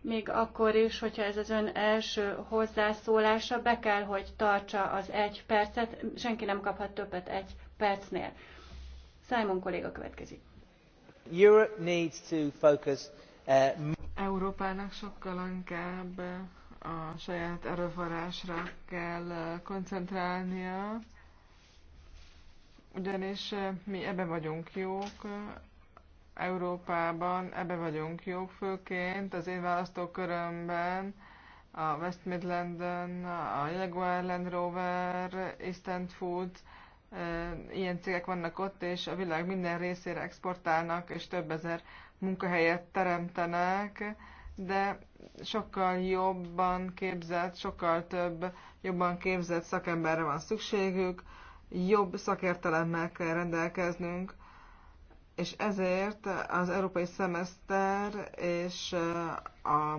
Még akkor is, hogyha ez az ön első hozzászólása, be kell, hogy tartsa az egy percet, senki nem kaphat többet egy percnél. Simon kolléga következik. Europe needs to focus, uh... Európának sokkal inkább a saját erőforrásra kell uh, koncentrálnia, ugyanis uh, mi ebben vagyunk jók, Európában ebbe vagyunk jók, főként az én választókörömben, a West Midlanden, a Jaguar Land Rover, Instant Food, ilyen cégek vannak ott, és a világ minden részére exportálnak, és több ezer munkahelyet teremtenek, de sokkal jobban képzett, sokkal több jobban képzett szakemberre van szükségük, jobb szakértelemmel kell rendelkeznünk, és ezért az európai szemeszter és a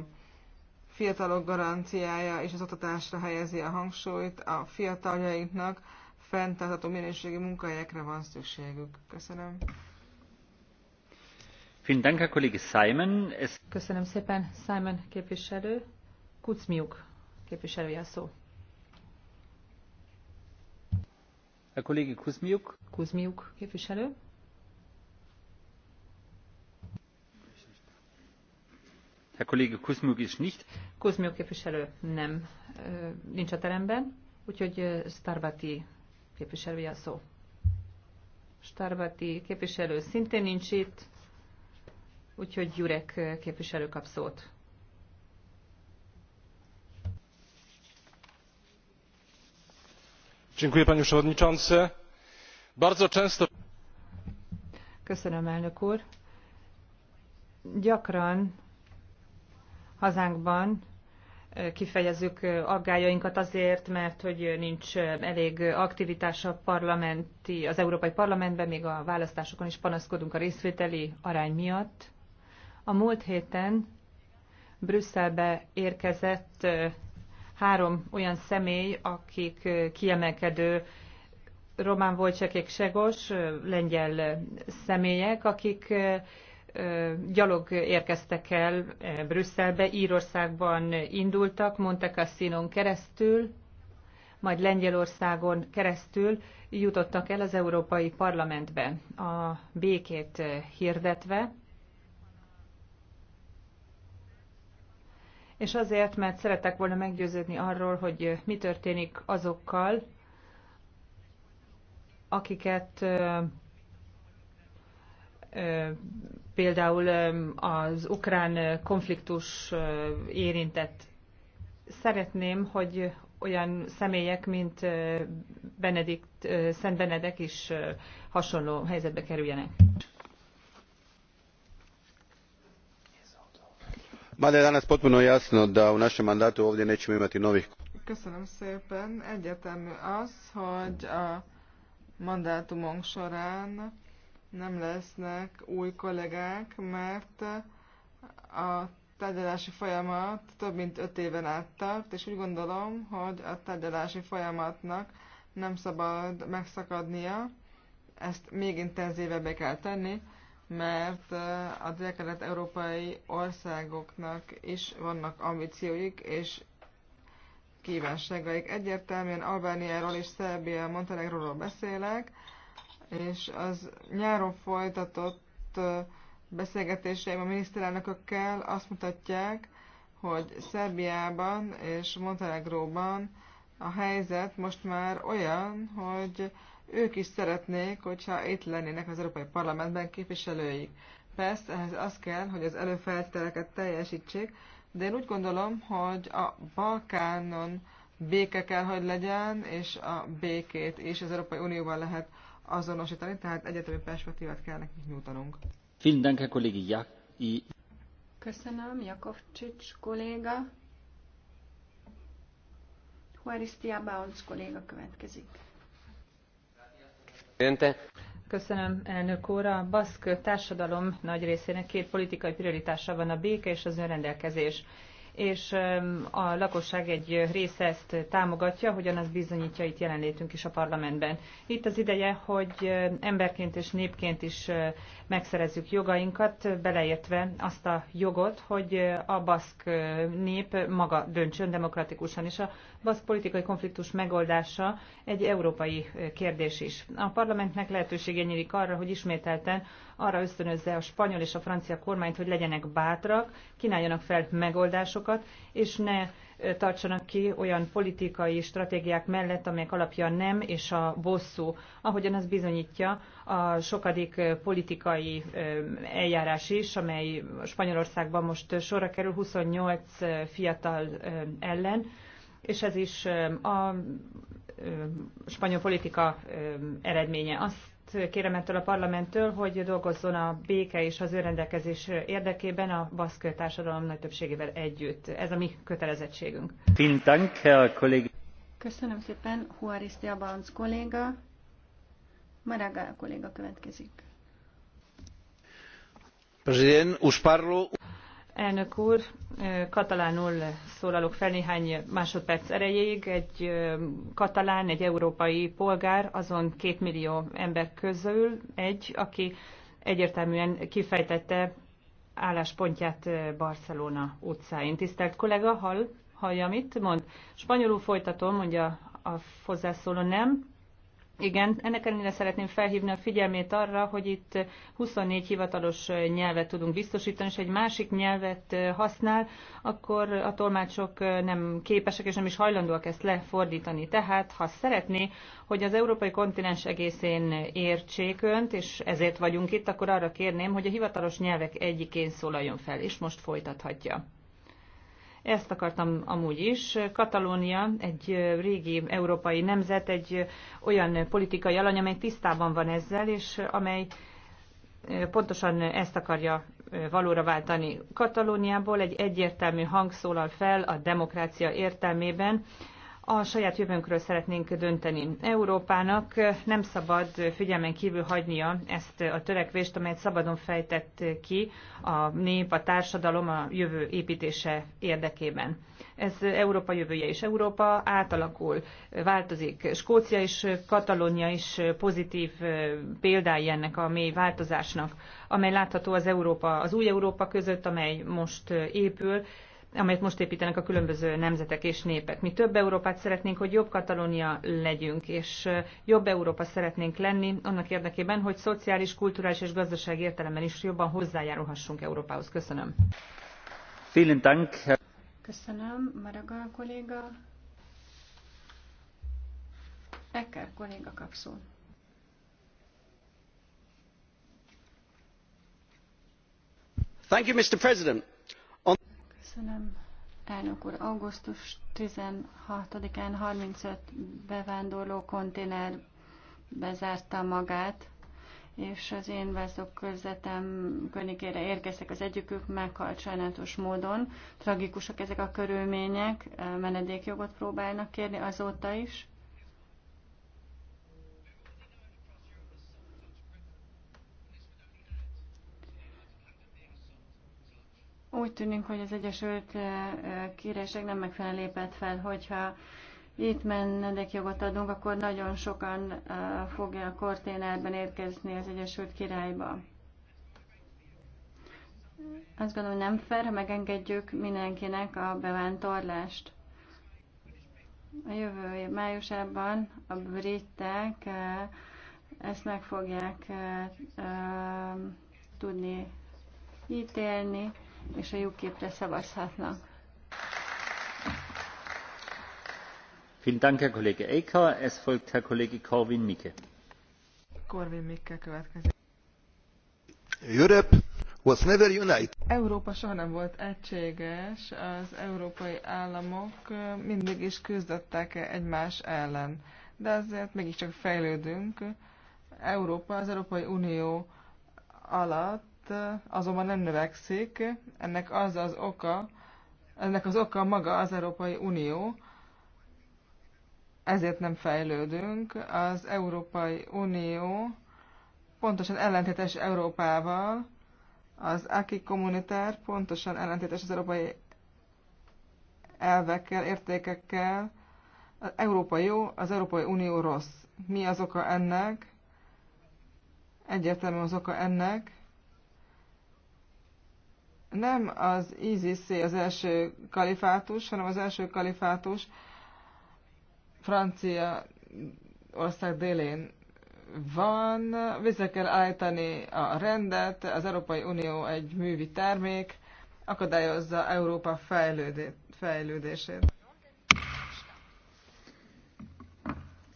fiatalok garanciája és az oktatásra helyezi a hangsúlyt, a fiataljainknak fenntartható minőségi munkahelyekre van szükségük. Köszönöm. Köszönöm szépen, Simon képviselő. Kucmiuk képviselője a szó. A kollégi Kuzmiuk. Kuzmiuk képviselő. Herr Kollege Kuzmuk is nicht. Kuzmuk képviselő nem nincs a teremben, úgyhogy Starbati képviselője a szó. Starbati képviselő szintén nincs itt, úgyhogy Jurek képviselő kap szót. panie przewodniczący! bardzo często gyakran hazánkban kifejezzük aggájainkat azért, mert hogy nincs elég aktivitás a parlamenti, az Európai Parlamentben, még a választásokon is panaszkodunk a részvételi arány miatt. A múlt héten Brüsszelbe érkezett három olyan személy, akik kiemelkedő román csekék, segos, lengyel személyek, akik gyalog érkeztek el Brüsszelbe, Írországban indultak, Monte Cassinon keresztül, majd Lengyelországon keresztül jutottak el az Európai Parlamentbe, a békét hirdetve, és azért, mert szeretek volna meggyőződni arról, hogy mi történik azokkal, akiket például az ukrán konfliktus érintett. Szeretném, hogy olyan személyek, mint Benedikt, Szent Benedek is hasonló helyzetbe kerüljenek. Mada je danas potpuno jasno da u našem mandatu ovdje nećemo imati novih... Köszönöm szépen. Egyetemű az, hogy a mandátumunk során nem lesznek új kollégák, mert a tárgyalási folyamat több mint öt éven át tart, és úgy gondolom, hogy a tárgyalási folyamatnak nem szabad megszakadnia, ezt még intenzívebbé kell tenni, mert a dél európai országoknak is vannak ambícióik és kívánságaik. Egyértelműen Albániáról és Szerbia Montenegróról beszélek, és az nyáron folytatott beszélgetéseim a miniszterelnökökkel azt mutatják, hogy Szerbiában és Montenegróban a helyzet most már olyan, hogy ők is szeretnék, hogyha itt lennének az Európai Parlamentben képviselőik. Persze, ehhez az kell, hogy az előfeltételeket teljesítsék, de én úgy gondolom, hogy a Balkánon béke kell, hogy legyen, és a békét is az Európai Unióban lehet azonosítani, tehát egyetemi perspektívát kell nekik nyújtanunk. Köszönöm, Jakovcsics kolléga. Huaristia Bounce kolléga következik. Köszönöm, elnök úr. A baszk társadalom nagy részének két politikai prioritása van a béke és az önrendelkezés és a lakosság egy része ezt támogatja, hogyan az bizonyítja itt jelenlétünk is a parlamentben. Itt az ideje, hogy emberként és népként is megszerezzük jogainkat, beleértve azt a jogot, hogy a baszk nép maga döntsön demokratikusan, és a baszk politikai konfliktus megoldása egy európai kérdés is. A parlamentnek lehetősége nyílik arra, hogy ismételten arra ösztönözze a spanyol és a francia kormányt, hogy legyenek bátrak, kínáljanak fel megoldásokat, és ne tartsanak ki olyan politikai stratégiák mellett, amelyek alapja nem és a bosszú, ahogyan az bizonyítja a sokadik politikai eljárás is, amely Spanyolországban most sorra kerül 28 fiatal ellen, és ez is a spanyol politika eredménye. Azt kérem ettől a parlamenttől, hogy dolgozzon a béke és az önrendelkezés érdekében a baszk társadalom nagy többségével együtt. Ez a mi kötelezettségünk. Köszönöm szépen, Huaris Diabanc kolléga. Maragá kolléga következik. President, us parlo... Elnök úr, katalánul szólalok fel néhány másodperc erejéig. Egy katalán, egy európai polgár, azon két millió ember közül egy, aki egyértelműen kifejtette álláspontját Barcelona utcáin. Tisztelt kollega, hall, hallja, mit mond? Spanyolul folytatom, mondja a hozzászóló nem. Igen, ennek ellenére szeretném felhívni a figyelmét arra, hogy itt 24 hivatalos nyelvet tudunk biztosítani, és egy másik nyelvet használ, akkor a tolmácsok nem képesek és nem is hajlandóak ezt lefordítani. Tehát, ha szeretné, hogy az európai kontinens egészén értsék önt, és ezért vagyunk itt, akkor arra kérném, hogy a hivatalos nyelvek egyikén szólaljon fel, és most folytathatja. Ezt akartam amúgy is. Katalónia egy régi európai nemzet, egy olyan politikai alany, amely tisztában van ezzel, és amely pontosan ezt akarja valóra váltani. Katalóniából egy egyértelmű hang szólal fel a demokrácia értelmében, a saját jövőnkről szeretnénk dönteni. Európának nem szabad figyelmen kívül hagynia ezt a törekvést, amelyet szabadon fejtett ki a nép, a társadalom a jövő építése érdekében. Ez Európa jövője is. Európa átalakul, változik. Skócia és Katalónia is pozitív példái ennek a mély változásnak, amely látható az, Európa, az új Európa között, amely most épül, amelyet most építenek a különböző nemzetek és népek. Mi több Európát szeretnénk, hogy jobb Katalónia legyünk, és jobb Európa szeretnénk lenni annak érdekében, hogy szociális, kulturális és gazdasági értelemben is jobban hozzájárulhassunk Európához. Köszönöm. Vielen Dank. Köszönöm, Maraga kolléga. Ecker kolléga kapszul. Thank you, Mr. President Köszönöm. Elnök úr, augusztus 16-án 35 bevándorló konténer bezárta magát, és az én vászok körzetem környékére érkeztek, az egyikük meghalt sajnálatos módon. Tragikusak ezek a körülmények, menedékjogot próbálnak kérni azóta is. Úgy tűnik, hogy az Egyesült eh, eh, Királyság nem megfelelően lépett fel, hogyha itt jogot adunk, akkor nagyon sokan eh, fogja a korténerben érkezni az Egyesült Királyba. Azt gondolom, nem fair, ha megengedjük mindenkinek a bevántorlást. A jövő év májusában a britek ezt meg fogják tudni ítélni és a jogképre szavazhatnak. Corwin Mikke következik. Europe was never united. Európa soha nem volt egységes, az európai államok mindig is küzdöttek egymás ellen. De azért mégiscsak fejlődünk. Európa az Európai Unió alatt azonban nem növekszik. Ennek az az oka, ennek az oka maga az Európai Unió, ezért nem fejlődünk. Az Európai Unió pontosan ellentétes Európával, az AKI kommunitár pontosan ellentétes az európai elvekkel, értékekkel. Az Európa jó, az Európai Unió rossz. Mi az oka ennek? Egyértelmű az oka ennek nem az ISIS az első kalifátus, hanem az első kalifátus Francia ország délén van, vissza kell állítani a rendet, az Európai Unió egy művi termék, akadályozza Európa fejlődését.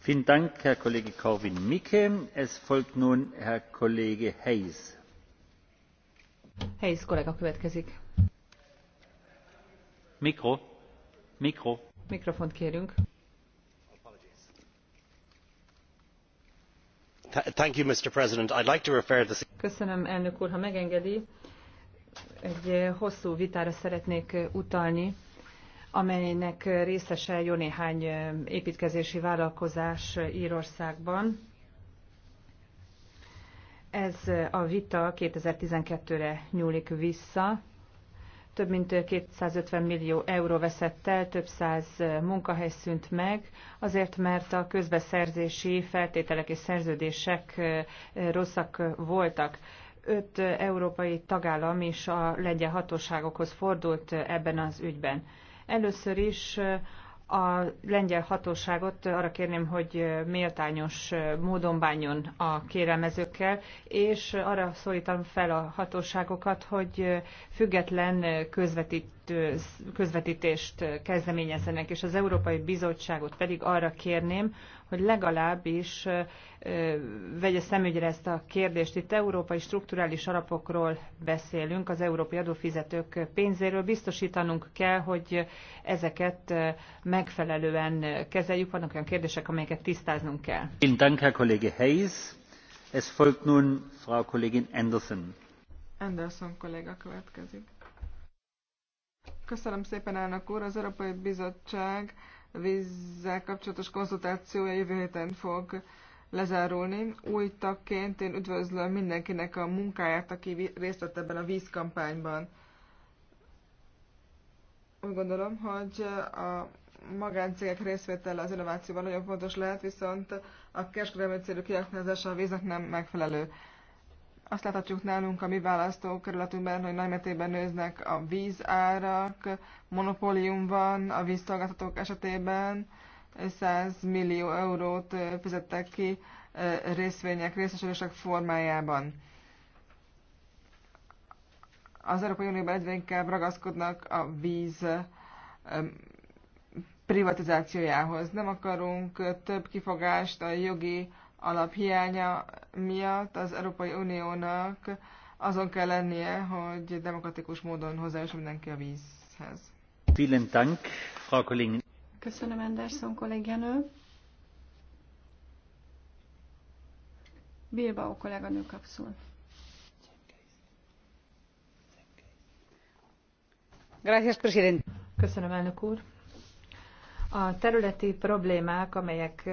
Vielen Dank, Herr Kollege Corwin-Mikke. Es folgt nun Herr Kollege Hayes. Helyes kollega következik. Mikro. Mikro. Mikrofont kérünk. Thank you, Mr. President. I'd like to refer this... Köszönöm, elnök úr, ha megengedi. Egy eh, hosszú vitára szeretnék eh, utalni, amelynek részese jó néhány eh, építkezési vállalkozás Írországban ez a vita 2012-re nyúlik vissza. Több mint 250 millió euró veszett el, több száz munkahely szűnt meg, azért mert a közbeszerzési feltételek és szerződések rosszak voltak öt európai tagállam is a lengyel hatóságokhoz fordult ebben az ügyben. Először is a lengyel hatóságot arra kérném, hogy méltányos módon bánjon a kérelmezőkkel, és arra szólítom fel a hatóságokat, hogy független közvetít közvetítést kezdeményezzenek, és az Európai Bizottságot pedig arra kérném, hogy legalábbis vegye szemügyre ezt a kérdést. Itt európai strukturális alapokról beszélünk, az európai adófizetők pénzéről. Biztosítanunk kell, hogy ezeket megfelelően kezeljük. Vannak olyan kérdések, amelyeket tisztáznunk kell. Köszönöm, Herr Hayes. Es folgt nun Frau Kollegin Anderson. Anderson kollega következik. Köszönöm szépen, elnök úr. Az Európai Bizottság vízzel kapcsolatos konzultációja jövő héten fog lezárulni. Új tagként én üdvözlöm mindenkinek a munkáját, aki részt vett ebben a vízkampányban. Úgy gondolom, hogy a magáncégek részvétele az innovációban nagyon fontos lehet, viszont a kereskedelmi célú kiaknázása a víznek nem megfelelő. Azt láthatjuk nálunk a mi választókerületünkben, hogy nagymetében nőznek a vízárak, monopólium van a vízszolgáltatók esetében, 100 millió eurót fizettek ki részvények, részesülések formájában. Az Európai Unióban egyre inkább ragaszkodnak a víz privatizációjához. Nem akarunk több kifogást a jogi alaphiánya miatt az Európai Uniónak azon kell lennie, hogy demokratikus módon hozzájusson mindenki a vízhez. Vielen Dank, Frau Köszönöm, Anderson kolléganő. Bilbao kolléganő kapszul. Gracias, president. Köszönöm, elnök úr. A területi problémák, amelyek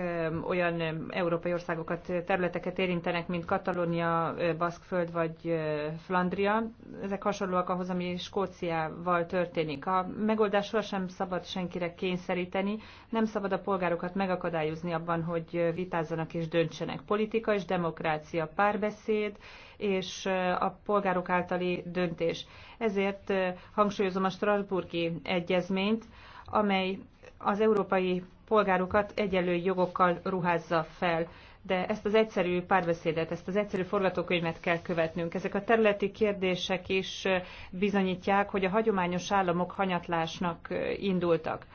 olyan európai országokat, területeket érintenek, mint Katalónia, Baszkföld vagy Flandria, ezek hasonlóak ahhoz, ami Skóciával történik. A megoldás sem szabad senkire kényszeríteni, nem szabad a polgárokat megakadályozni abban, hogy vitázzanak és döntsenek. Politika és demokrácia, párbeszéd és a polgárok általi döntés. Ezért hangsúlyozom a Strasburgi egyezményt, amely az európai polgárokat egyenlő jogokkal ruházza fel. De ezt az egyszerű párbeszédet, ezt az egyszerű forgatókönyvet kell követnünk. Ezek a területi kérdések is bizonyítják, hogy a hagyományos államok hanyatlásnak indultak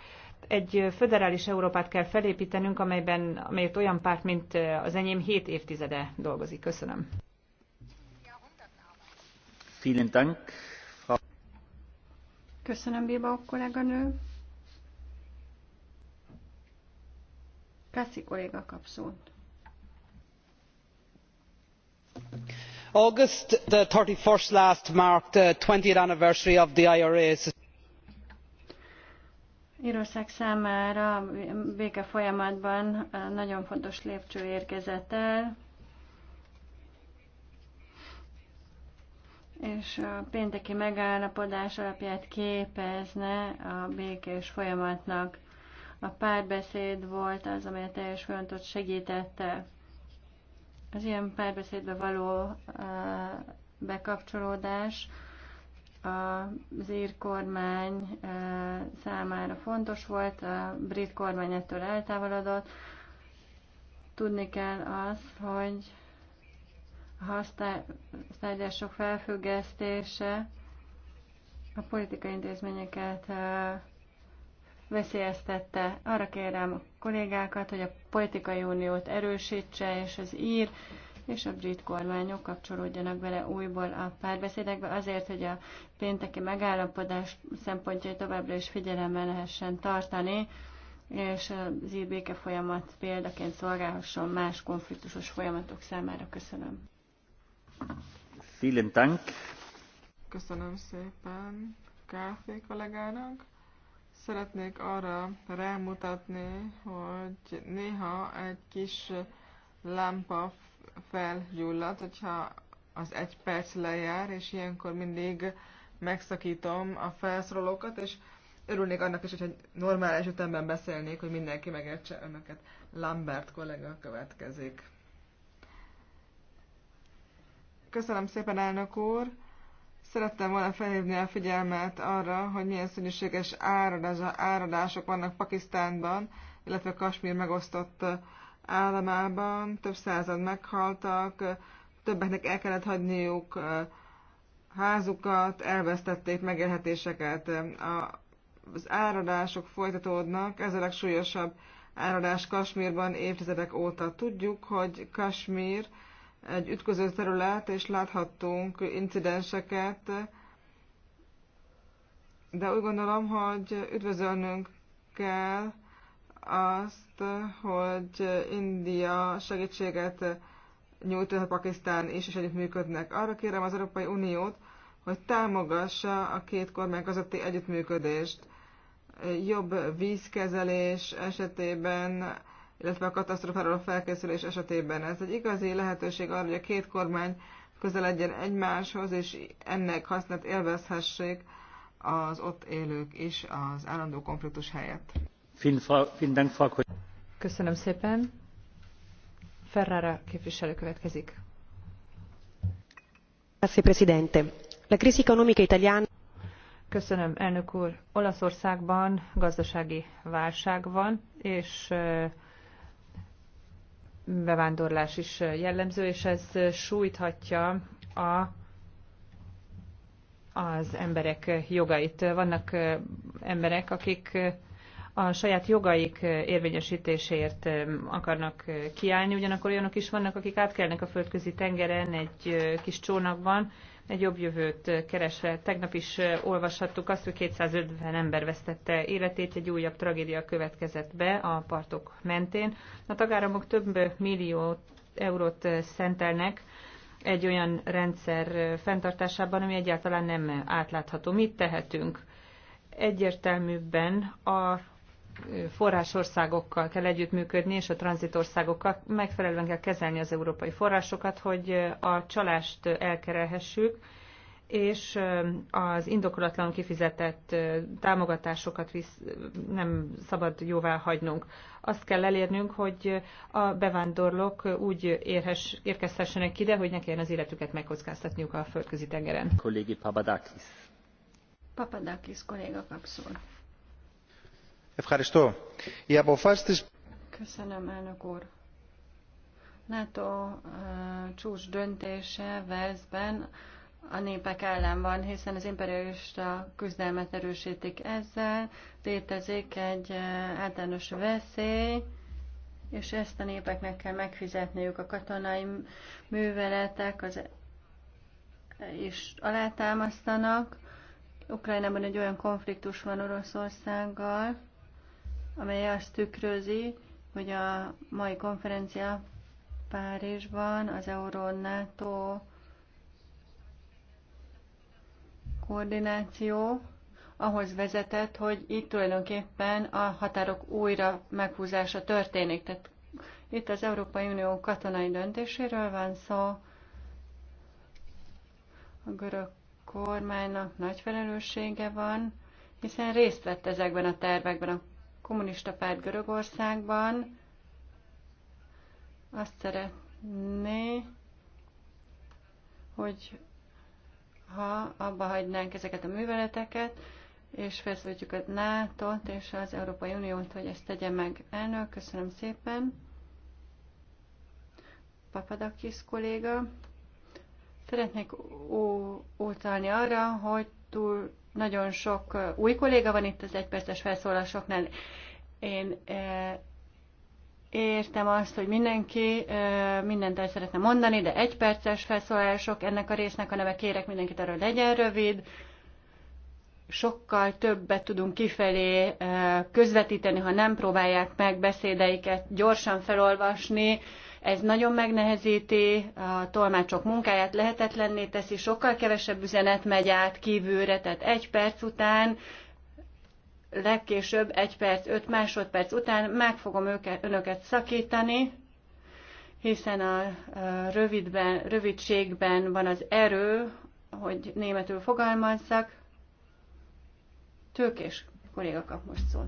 egy föderális Európát kell felépítenünk, amelyben, amelyet olyan párt, mint az enyém, hét évtizede dolgozik. Köszönöm. Vielen Dank. Köszönöm, Bilbao kolléganő. Köszi, kolléga kap szót. August the 31st last marked the 20th anniversary of the IRA. Írország számára béke folyamatban nagyon fontos lépcső érkezett el, és a pénteki megállapodás alapját képezne a békés folyamatnak. A párbeszéd volt az, amely a teljes folyamatot segítette. Az ilyen párbeszédbe való bekapcsolódás az ír kormány számára fontos volt, a brit kormány ettől eltávolodott. Tudni kell az, hogy a hasztárgyások felfüggesztése a politikai intézményeket veszélyeztette. Arra kérem a kollégákat, hogy a politikai uniót erősítse, és az ír és a brit kormányok kapcsolódjanak bele újból a párbeszédekbe azért, hogy a pénteki megállapodás szempontjai továbbra is figyelemmel lehessen tartani, és az ír béke folyamat példaként szolgálhasson más konfliktusos folyamatok számára. Köszönöm. Vielen Dank. Köszönöm szépen Káfé kollégának. Szeretnék arra rámutatni, hogy néha egy kis lámpa felgyullad, hogyha az egy perc lejár, és ilyenkor mindig megszakítom a felszólalókat, és örülnék annak is, hogyha normális ütemben beszélnék, hogy mindenki megértse önöket. Lambert kollega következik. Köszönöm szépen, elnök úr! Szerettem volna felhívni a figyelmet arra, hogy milyen szörnyűséges áradások vannak Pakisztánban, illetve Kasmír megosztott államában. Több század meghaltak, többeknek el kellett hagyniuk házukat, elvesztették megélhetéseket. Az áradások folytatódnak, ez a legsúlyosabb áradás Kasmírban évtizedek óta. Tudjuk, hogy Kasmír egy ütköző terület, és láthattunk incidenseket, de úgy gondolom, hogy üdvözölnünk kell azt, hogy India segítséget nyújt a Pakisztán is, és együttműködnek. Arra kérem az Európai Uniót, hogy támogassa a két kormány közötti együttműködést. Jobb vízkezelés esetében illetve a katasztrofáról a felkészülés esetében. Ez egy igazi lehetőség arra, hogy a két kormány közeledjen egymáshoz, és ennek hasznát élvezhessék az ott élők is az állandó konfliktus helyett. Köszönöm szépen. Ferrara képviselő következik. Grazie Presidente. Köszönöm, elnök úr. Olaszországban gazdasági válság van, és bevándorlás is jellemző, és ez sújthatja a az emberek jogait. Vannak emberek, akik a saját jogaik érvényesítéséért akarnak kiállni, ugyanakkor olyanok is vannak, akik átkelnek a földközi tengeren egy kis csónakban, egy jobb jövőt keresve. Tegnap is olvashattuk azt, hogy 250 ember vesztette életét, egy újabb tragédia következett be a partok mentén. A tagáramok több millió eurót szentelnek egy olyan rendszer fenntartásában, ami egyáltalán nem átlátható. Mit tehetünk? Egyértelműbben a forrásországokkal kell együttműködni, és a tranzitországokkal megfelelően kell kezelni az európai forrásokat, hogy a csalást elkerelhessük, és az indokolatlan kifizetett támogatásokat visz, nem szabad jóvá hagynunk. Azt kell elérnünk, hogy a bevándorlók úgy érhes, érkezhessenek ide, hogy ne kelljen az életüket megkockáztatniuk a földközi tengeren. Kollégi Papadakis. Papadakis kolléga kapszol. Köszönöm, NATO eh, csúcsdöntése walesben a népek ellen van, hiszen az imperialista küzdelmet erősítik ezzel, létezik egy eh, általános veszély, és ezt a népeknek kell megfizetniük a katonai műveletek, az, és alátámasztanak. Ukrajnában egy olyan konfliktus van Oroszországgal, amely azt tükrözi, hogy a mai konferencia Párizsban az Euró-NATO koordináció ahhoz vezetett, hogy itt tulajdonképpen a határok újra meghúzása történik. Tehát itt az Európai Unió katonai döntéséről van szó. A görög kormánynak nagy felelőssége van, hiszen részt vett ezekben a tervekben a kommunista párt Görögországban azt szeretné, hogy ha abba hagynánk ezeket a műveleteket, és felszólítjuk a nato és az Európai Uniót, hogy ezt tegye meg elnök. Köszönöm szépen. Papadakis kolléga. Szeretnék ó- utalni arra, hogy túl nagyon sok új kolléga van itt az egyperces felszólásoknál. Én értem azt, hogy mindenki mindent el szeretne mondani, de egyperces felszólások ennek a résznek a neve. Kérek mindenkit arra, legyen rövid. Sokkal többet tudunk kifelé közvetíteni, ha nem próbálják meg beszédeiket gyorsan felolvasni, ez nagyon megnehezíti a tolmácsok munkáját, lehetetlenné teszi, sokkal kevesebb üzenet megy át kívülre, tehát egy perc után legkésőbb egy perc, öt másodperc után meg fogom őket, önöket szakítani, hiszen a rövidben, rövidségben van az erő, hogy németül fogalmazzak. Tőkés kolléga kap most szót.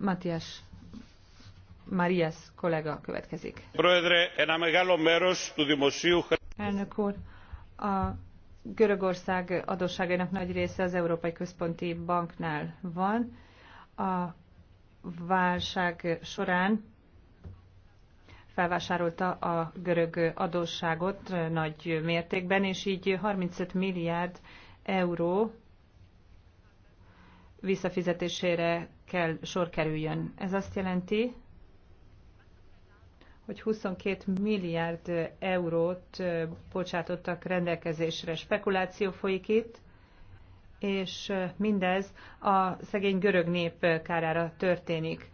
Matias Marias kollega következik. Elnök úr, a Görögország adósságainak nagy része az Európai Központi Banknál van. A válság során felvásárolta a görög adósságot nagy mértékben, és így 35 milliárd euró visszafizetésére kell sor kerüljön. Ez azt jelenti, hogy 22 milliárd eurót bocsátottak rendelkezésre. Spekuláció folyik itt, és mindez a szegény görög nép kárára történik.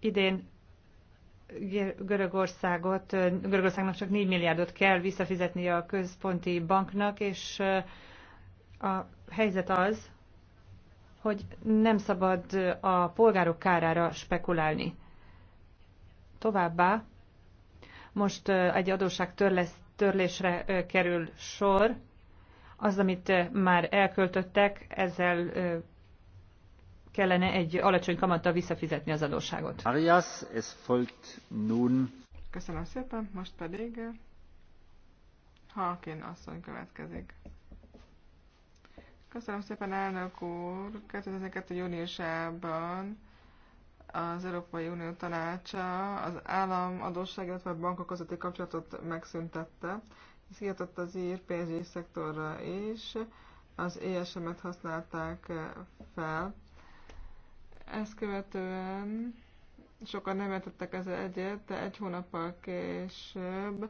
Idén Görögországot, Görögországnak csak 4 milliárdot kell visszafizetni a központi banknak, és a helyzet az, hogy nem szabad a polgárok kárára spekulálni. Továbbá most egy adósság törlésre kerül sor. Az, amit már elköltöttek, ezzel kellene egy alacsony kamattal visszafizetni az adósságot. Arias, es folgt nun. Köszönöm szépen, most pedig Halkén asszony következik. Köszönöm szépen, elnök úr! 2002. júniusában az Európai Unió tanácsa az állam adósság, illetve a bankok közötti kapcsolatot megszüntette. Ez kiadott az ír pénzügyi szektorra is. Az ESM-et használták fel. Ezt követően sokan nem értettek ezzel egyet, de egy hónappal később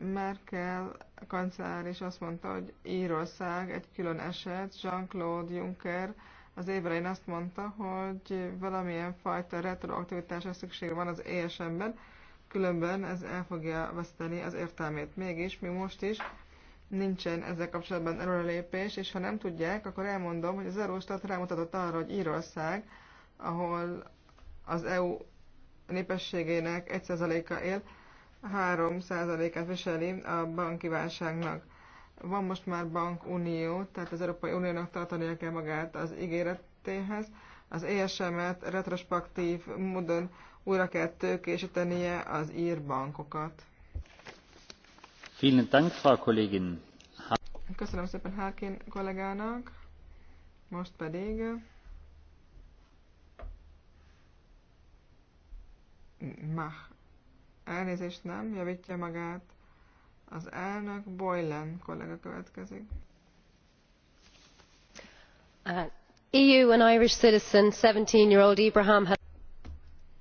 Merkel kancellár is azt mondta, hogy Írország egy külön eset. Jean-Claude Juncker az évrején azt mondta, hogy valamilyen fajta retroaktivitásra szükség van az ESM-ben, különben ez el fogja veszteni az értelmét. Mégis mi most is nincsen ezzel kapcsolatban előrelépés, és ha nem tudják, akkor elmondom, hogy az Eurostat rámutatott arra, hogy Írország, ahol az EU népességének 1%-a él, 3%-át viseli a banki válságnak. Van most már bankunió, tehát az Európai Uniónak tartania kell magát az ígéretéhez. Az ESM-et retrospektív módon újra kell tőkésítenie az ír bankokat. Vielen Dank, Frau Kollegin. Köszönöm szépen Harkin kollégának. Most pedig... Mach Elnézést nem, javítja magát az elnök. Boylan kollega következik. Uh, EU and Irish citizen 17 year old Ibrahim had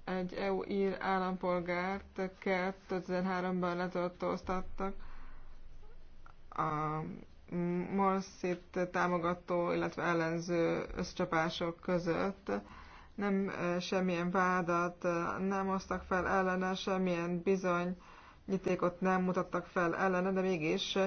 egy EU-ír állampolgárt 2003-ban letartóztattak a Morsit támogató, illetve ellenző összcsapások között nem semmilyen vádat nem hoztak fel ellene, semmilyen bizony nyitékot nem mutattak fel ellene, de mégis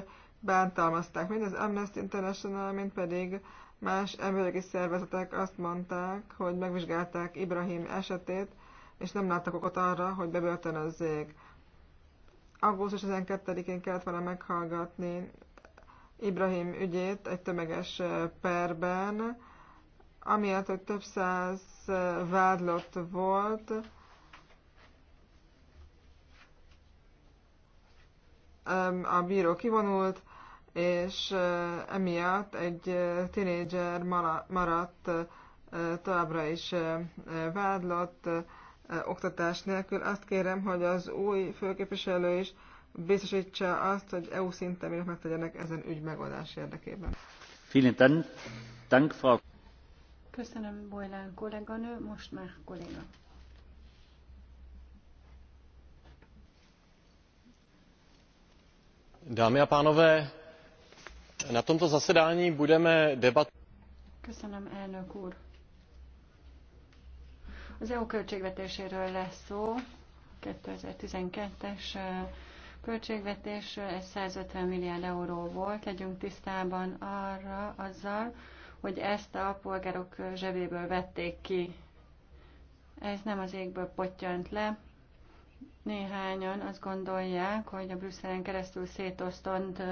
bántalmazták. Mind az Amnesty International, mint pedig más emberi szervezetek azt mondták, hogy megvizsgálták Ibrahim esetét, és nem láttak okot arra, hogy bebörtönözzék. Augusztus 12-én kellett volna meghallgatni Ibrahim ügyét egy tömeges perben, amiatt, hogy több száz vádlott volt. A bíró kivonult, és emiatt egy tinédzser maradt továbbra is vádlott oktatás nélkül. Azt kérem, hogy az új főképviselő is biztosítsa azt, hogy EU szinten meg tegyenek ezen ügy megoldás érdekében. Vielen Dank, Frau Köszönöm, Bojlán kolléganő, most már kolléga. Dámy a pánové, na tomto zasedání budeme debat... Köszönöm, elnök úr. Az EU költségvetéséről lesz szó, 2012-es költségvetés, ez 150 milliárd euró volt, legyünk tisztában arra azzal, hogy ezt a polgárok zsebéből vették ki. Ez nem az égből potyant le. Néhányan azt gondolják, hogy a Brüsszelen keresztül szétosztott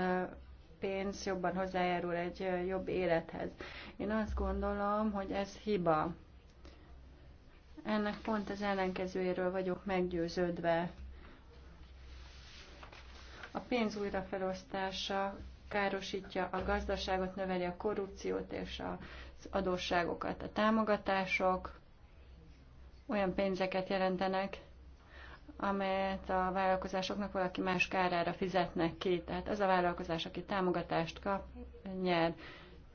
pénz jobban hozzájárul egy jobb élethez. Én azt gondolom, hogy ez hiba. Ennek pont az ellenkezőjéről vagyok meggyőződve. A pénz újrafelosztása károsítja a gazdaságot, növeli a korrupciót és az adósságokat. A támogatások olyan pénzeket jelentenek, amelyet a vállalkozásoknak valaki más kárára fizetnek ki. Tehát az a vállalkozás, aki támogatást kap, nyer.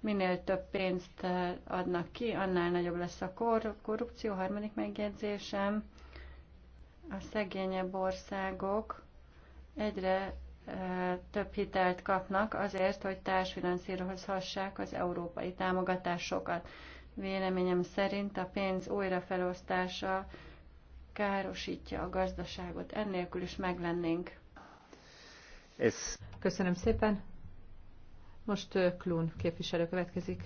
Minél több pénzt adnak ki, annál nagyobb lesz a kor- korrupció. Harmadik megjegyzésem, a szegényebb országok egyre több hitelt kapnak azért, hogy társfinanszírozhassák az európai támogatásokat. Véleményem szerint a pénz újrafelosztása károsítja a gazdaságot. Ennélkül is meglennénk. Ez. Köszönöm szépen. Most Klún képviselő következik.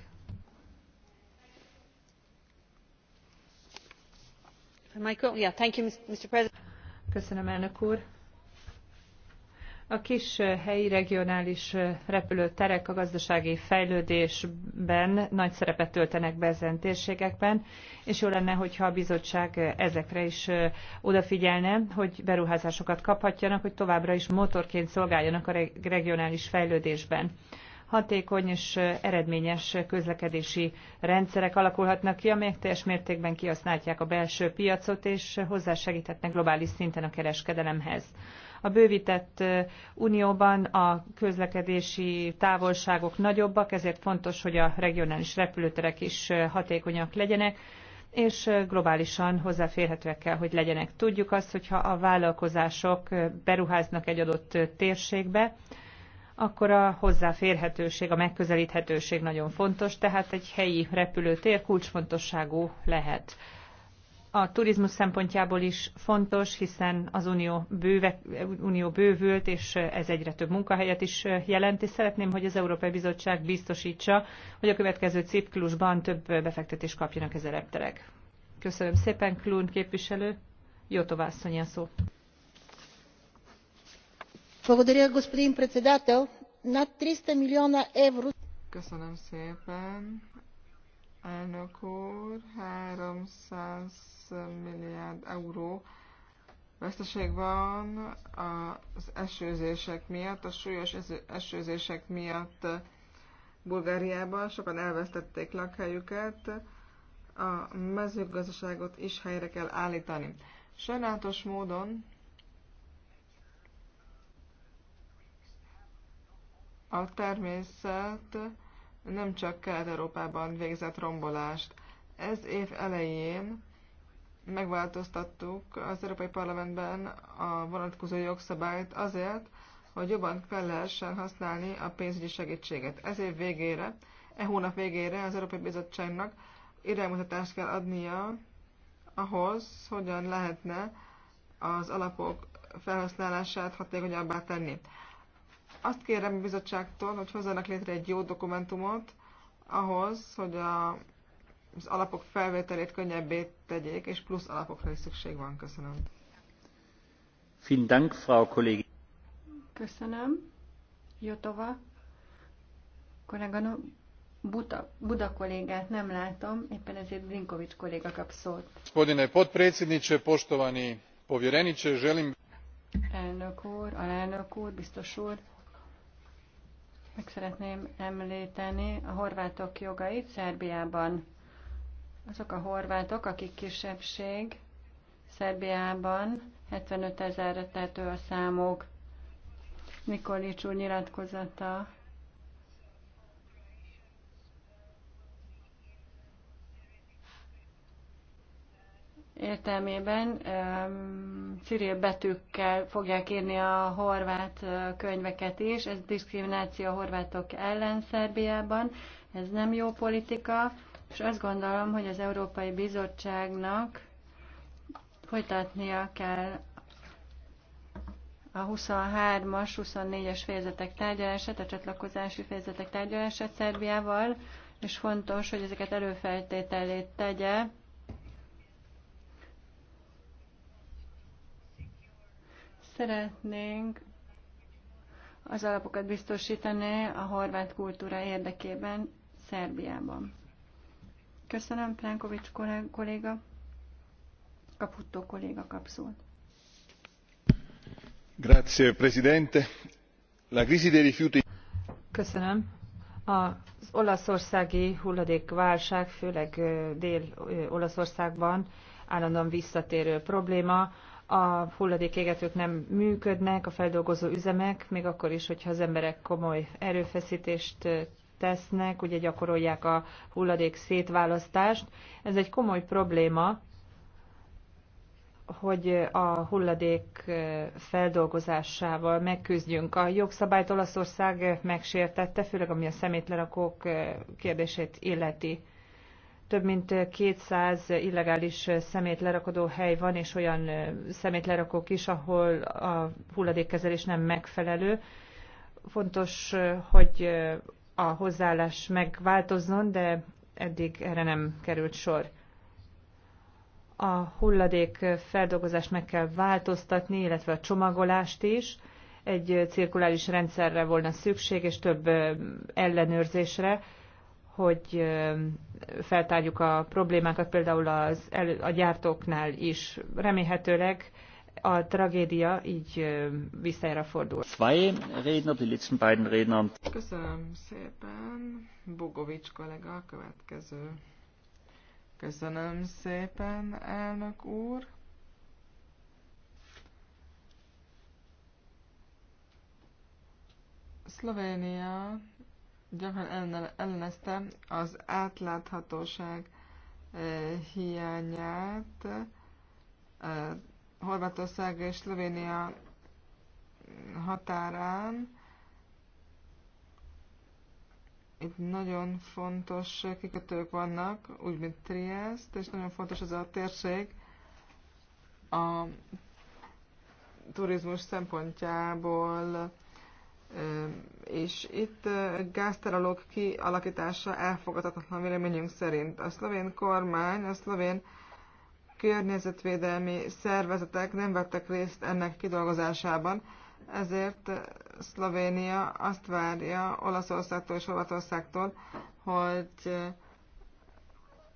Michael, yeah, thank you, Mr. President. Köszönöm, elnök úr a kis helyi regionális repülőterek a gazdasági fejlődésben nagy szerepet töltenek be ezen térségekben, és jó lenne, hogyha a bizottság ezekre is odafigyelne, hogy beruházásokat kaphatjanak, hogy továbbra is motorként szolgáljanak a regionális fejlődésben hatékony és eredményes közlekedési rendszerek alakulhatnak ki, amelyek teljes mértékben kihasználják a belső piacot, és hozzásegíthetnek globális szinten a kereskedelemhez. A bővített unióban a közlekedési távolságok nagyobbak, ezért fontos, hogy a regionális repülőterek is hatékonyak legyenek és globálisan hozzáférhetőek kell, hogy legyenek. Tudjuk azt, hogyha a vállalkozások beruháznak egy adott térségbe, akkor a hozzáférhetőség, a megközelíthetőség nagyon fontos, tehát egy helyi repülőtér kulcsfontosságú lehet a turizmus szempontjából is fontos, hiszen az unió, bőve, unió bővült, és ez egyre több munkahelyet is jelent, és szeretném, hogy az Európai Bizottság biztosítsa, hogy a következő ciklusban több befektetést kapjanak ez a repterek. Köszönöm szépen, Klún képviselő. Jó továszony a szó. Köszönöm szépen elnök úr, 300 milliárd euró veszteség van az esőzések miatt, a súlyos esőzések miatt Bulgáriában sokan elvesztették lakhelyüket, a mezőgazdaságot is helyre kell állítani. Sajnálatos módon a természet nem csak Kelet-Európában végzett rombolást. Ez év elején megváltoztattuk az Európai Parlamentben a vonatkozó jogszabályt azért, hogy jobban fel lehessen használni a pénzügyi segítséget. Ez év végére, e hónap végére az Európai Bizottságnak iránymutatást kell adnia ahhoz, hogyan lehetne az alapok felhasználását hatékonyabbá tenni. Azt kérem a bizottságtól, hogy hozzanak létre egy jó dokumentumot ahhoz, hogy a, az alapok felvételét könnyebbé tegyék, és plusz alapokra is szükség van. Köszönöm. Vielen Dank, Frau Kollegin. Köszönöm. Jotova. Kolléganő, Buta, Buda kollégát nem látom, éppen ezért Zinkovics kolléga kap szót. Spodine potpredsjedniče, poštovani povjereniče, želim... Elnök úr, alelnök úr, biztos úr, meg szeretném említeni a horvátok jogait Szerbiában. Azok a horvátok, akik kisebbség, Szerbiában 75 ezerre tető a számok. Nikolics úr nyilatkozata értelmében ciril betűkkel fogják írni a horvát könyveket is. Ez diszkrimináció a horvátok ellen Szerbiában, ez nem jó politika, és azt gondolom, hogy az Európai Bizottságnak folytatnia kell a 23-as, 24-es fejezetek tárgyalását, a csatlakozási fejezetek tárgyalását Szerbiával, és fontos, hogy ezeket előfeltételét tegye Szeretnénk az alapokat biztosítani a horvát kultúra érdekében Szerbiában. Köszönöm, Plánkovics kolléga, Kaputó kolléga kapszót. Grazie, Presidente. La crisi dei rifiuti... Köszönöm. Az olaszországi hulladékválság, főleg Dél-Olaszországban állandóan visszatérő probléma a hulladékégetők nem működnek, a feldolgozó üzemek, még akkor is, hogyha az emberek komoly erőfeszítést tesznek, ugye gyakorolják a hulladék szétválasztást. Ez egy komoly probléma, hogy a hulladék feldolgozásával megküzdjünk. A jogszabályt Olaszország megsértette, főleg ami a szemétlerakók kérdését illeti több mint 200 illegális szemétlerakodó lerakodó hely van, és olyan szemétlerakók lerakók is, ahol a hulladékkezelés nem megfelelő. Fontos, hogy a hozzáállás megváltozzon, de eddig erre nem került sor. A hulladék feldolgozást meg kell változtatni, illetve a csomagolást is. Egy cirkuláris rendszerre volna szükség, és több ellenőrzésre hogy feltárjuk a problémákat például az, a gyártóknál is. Remélhetőleg a tragédia így visszajára fordul. Köszönöm szépen. Bogovics kollega a következő. Köszönöm szépen, elnök úr. Szlovénia gyakran ellenezte az átláthatóság eh, hiányát. Eh, Horvátország és Szlovénia határán. Itt nagyon fontos kikötők vannak, úgy mint Trieste, és nagyon fontos ez a térség a turizmus szempontjából és itt gázterelók kialakítása elfogadhatatlan véleményünk szerint. A szlovén kormány, a szlovén környezetvédelmi szervezetek nem vettek részt ennek kidolgozásában, ezért Szlovénia azt várja Olaszországtól és Olaszországtól, hogy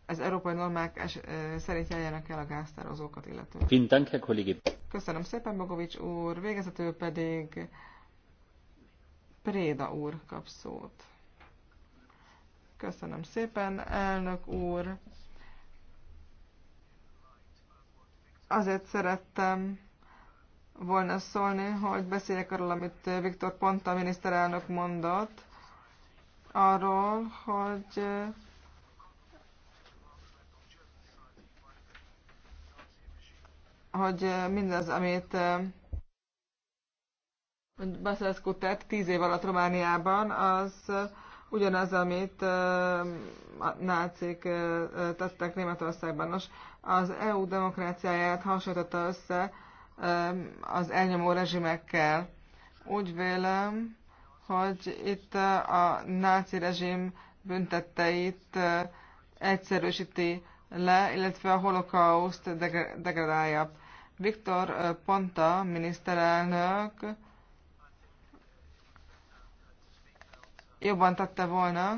az európai normák es- szerint járjanak el a gáztározókat illetően. Köszönöm szépen, Bogovics úr. Végezetül pedig Préda úr kap szót. Köszönöm szépen, elnök úr. Azért szerettem volna szólni, hogy beszéljek arról, amit Viktor Ponta miniszterelnök mondott, arról, hogy hogy mindez, amit Basescu tett tíz év alatt Romániában, az ugyanaz, amit a nácik tettek Németországban. Nos, az EU demokráciáját hasonlította össze az elnyomó rezsimekkel. Úgy vélem, hogy itt a náci rezsim büntetteit egyszerűsíti le, illetve a holokauszt degradálja. Viktor Ponta miniszterelnök jobban tette volna,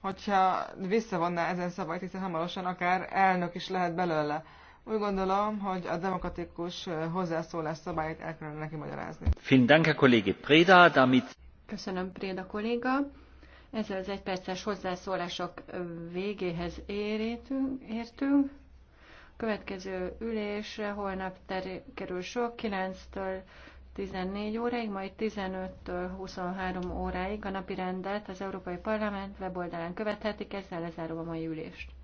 hogyha visszavonná ezen szavait, hiszen hamarosan akár elnök is lehet belőle. Úgy gondolom, hogy a demokratikus hozzászólás szabályt el kellene neki magyarázni. Köszönöm, Préda kolléga. Ezzel az egyperces hozzászólások végéhez érétünk, értünk. Következő ülésre holnap ter- kerül sok 9-től 14 óráig, majd 15-től 23 óráig a napi rendet az Európai Parlament weboldalán követhetik, ezzel lezárom a mai ülést.